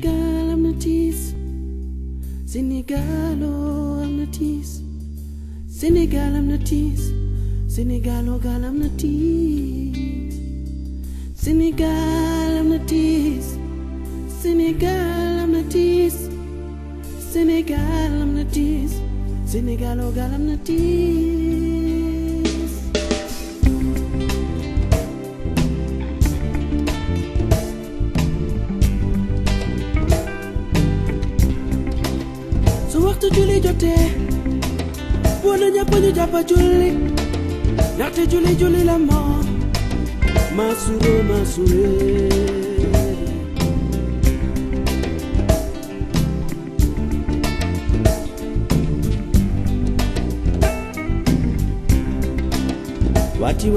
Senegal, I'm not tease. Senegal, oh, I'm not tease. Senegal, I'm not tease. Senegal, oh, girl, I'm not tease. Senegal, I'm not tease. Senegal, I'm not tease. Senegal, I'm not tease. Senegal, oh, girl, I'm not tease. waxtu julli jotee wala ñëpp ñu jàpp julli ndaxte julli julli la masuro e. wati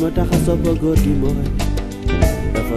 ma wax dafa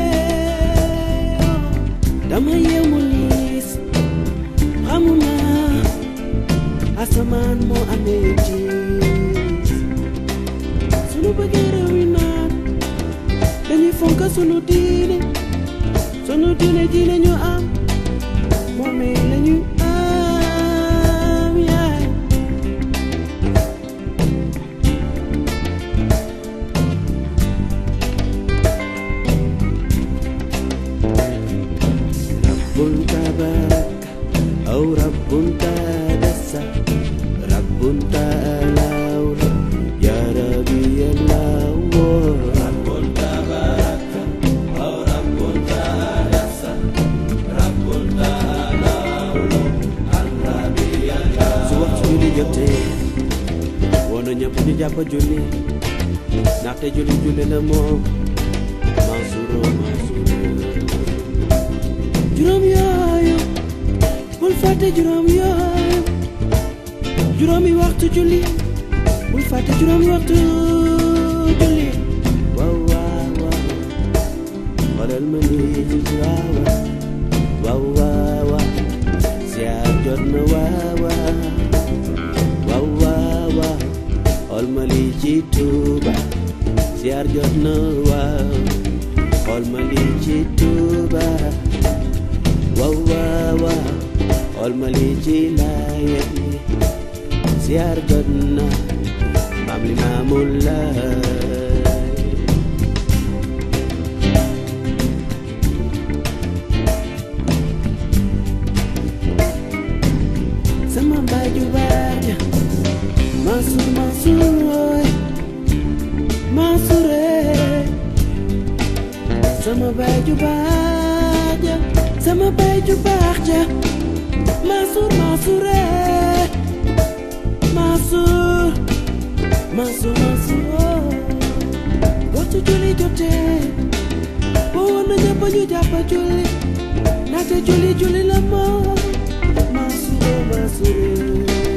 sunu diine sunu diine ji la am moomee la am yaay bul tabak aw rabb ñu jàpp julli ndaxte julli juróom yooyu bul fàtte juróom yooyu juróomi waxtu julli bul fàtte juróomi waxtu jot na waaw ci Touba jot na wa xool ma li ci Touba waaw waaw waaw xool ma li ci Laayeen ziar jot na maam li maamul laay sama baay ju baax ja sama baay ju baax ja Mansour Mansouré eh. Mansour Mansour Mansour waxtu julli jotee boo woon na ñëpp ñu jàpp julli naate julli julli la moom Mansour Mansouré